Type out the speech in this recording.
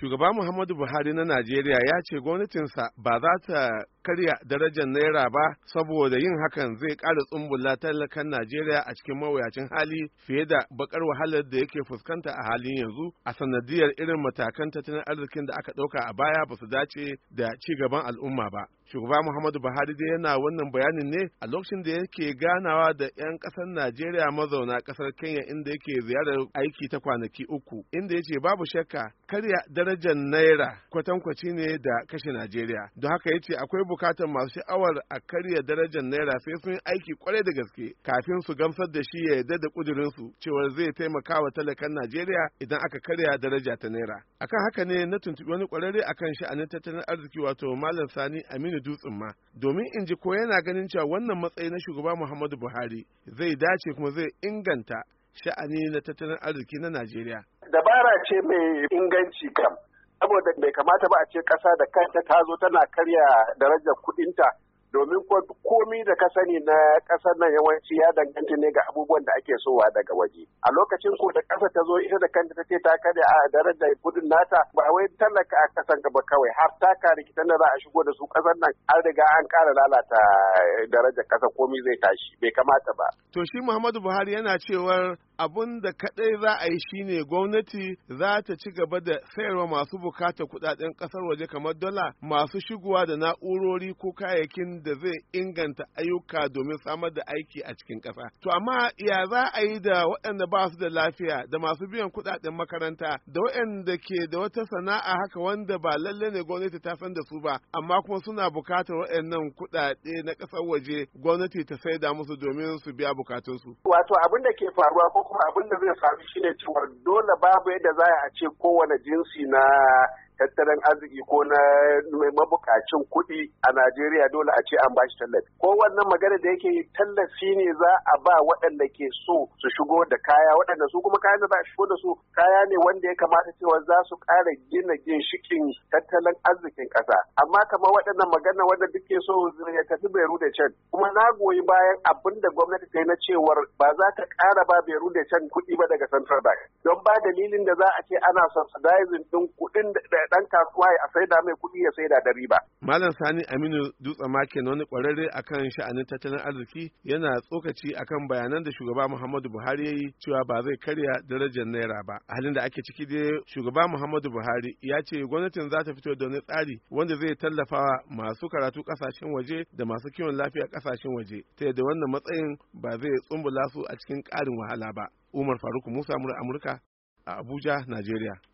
shugaba muhammadu buhari na najeriya ya ce gwamnatinsa ba za ta karya darajar naira ba saboda yin hakan zai ƙara tsumbula talakan najeriya a cikin mawuyacin hali fiye da bakar wahalar da yake fuskanta a halin yanzu a sanadiyar irin matakan tattalin arzikin da aka ɗauka a baya ba su dace da ci gaban al'umma ba shugaba muhammadu buhari dai yana wannan bayanin ne a lokacin da yake ganawa da 'yan ƙasar najeriya mazauna ƙasar kenya inda yake ziyarar aiki ta kwanaki uku inda ya ce babu shakka karya darajar naira kwatankwaci ne da kashe najeriya don haka ya ce akwai bukatar masu sha'awar a karya darajar naira sai sun aiki kwarai da gaske kafin su gamsar da shi ya yarda da su cewar zai taimaka wa talakan Najeriya idan aka karya daraja ta naira. Akan haka ne na tuntuɓi wani kwararre akan sha'anin tattalin arziki wato Malam Sani Aminu Dutsen ma domin in ji ko yana ganin cewa wannan matsayi na shugaba Muhammadu Buhari zai dace kuma zai inganta sha'ani na tattalin arziki na Najeriya. Dabara ce mai inganci kam saboda bai kamata ba a ce ƙasa da kanta ta zo tana karya darajar kuɗinta domin komi da ka sani na kasar nan yawanci ya danganta ne ga abubuwan da ake sowa daga waje a lokacin ko da kasa ta zo ita da kanta ta ce ta karya a darajar kudin nata ba wai tallaka a ƙasan gaba kawai har ta kare kitan da za a shigo da su ƙasar nan an riga an kara lalata eh, darajar kasa komi zai tashi bai kamata ba to shi Muhammadu Buhari yana cewar abin da kaɗai za a yi shine gwamnati za ta ci gaba da sayarwa masu bukatar kuɗaɗen ƙasar waje kamar dala masu shigowa da na'urori ko kayayyakin da zai inganta ayyuka domin samar da aiki a cikin ƙasa. To amma ya za a yi da waɗanda ba su da lafiya da masu biyan kuɗaɗen makaranta da waɗanda ke da wata sana'a haka wanda ba lalle ne gwamnati ta san da su ba amma kuma suna bukatar waɗannan kuɗaɗe na ƙasar waje gwamnati ta saida musu domin su biya bukatunsu. Wato abin da ke faruwa ko abin da zai sami shine cewar dole babu yadda za a ce kowane jinsi na tattalin arziki ko na mabukacin kuɗi a Najeriya dole a ce an bashi tallafi. Ko wannan magana da yake tallafi ne za a ba waɗanda ke so su shigo da kaya waɗanda su kuma kayan da za a shigo da su kaya ne wanda ya kamata cewa za su ƙara gina ginshikin tattalin arzikin ƙasa. Amma kamar waɗannan magana wanda duke so ya tafi Beru da can. Kuma na goyi bayan abin da gwamnati ta yi na cewar ba za ta ƙara ba Beru da can kuɗi ba daga Central Bank. Don ba dalilin da za a ce ana subsidizing ɗin kuɗin da. dan kasuwa ya sai da mai kuɗi ya sai da ba. Malam Sani Aminu Dutse Makin wani kwararre akan sha'anin tattalin arziki yana tsokaci akan bayanan da shugaba Muhammadu Buhari ya yi cewa ba zai karya darajar naira ba. A Halin da ake ciki dai shugaba Muhammadu Buhari ya ce gwamnatin za ta fito da wani tsari wanda zai tallafawa masu karatu kasashen waje da masu kiwon lafiya kasashen waje ta yadda wannan matsayin ba zai tsumbula su a cikin ƙarin wahala ba. Umar Faruk Musa Amurka a Abuja, Najeriya.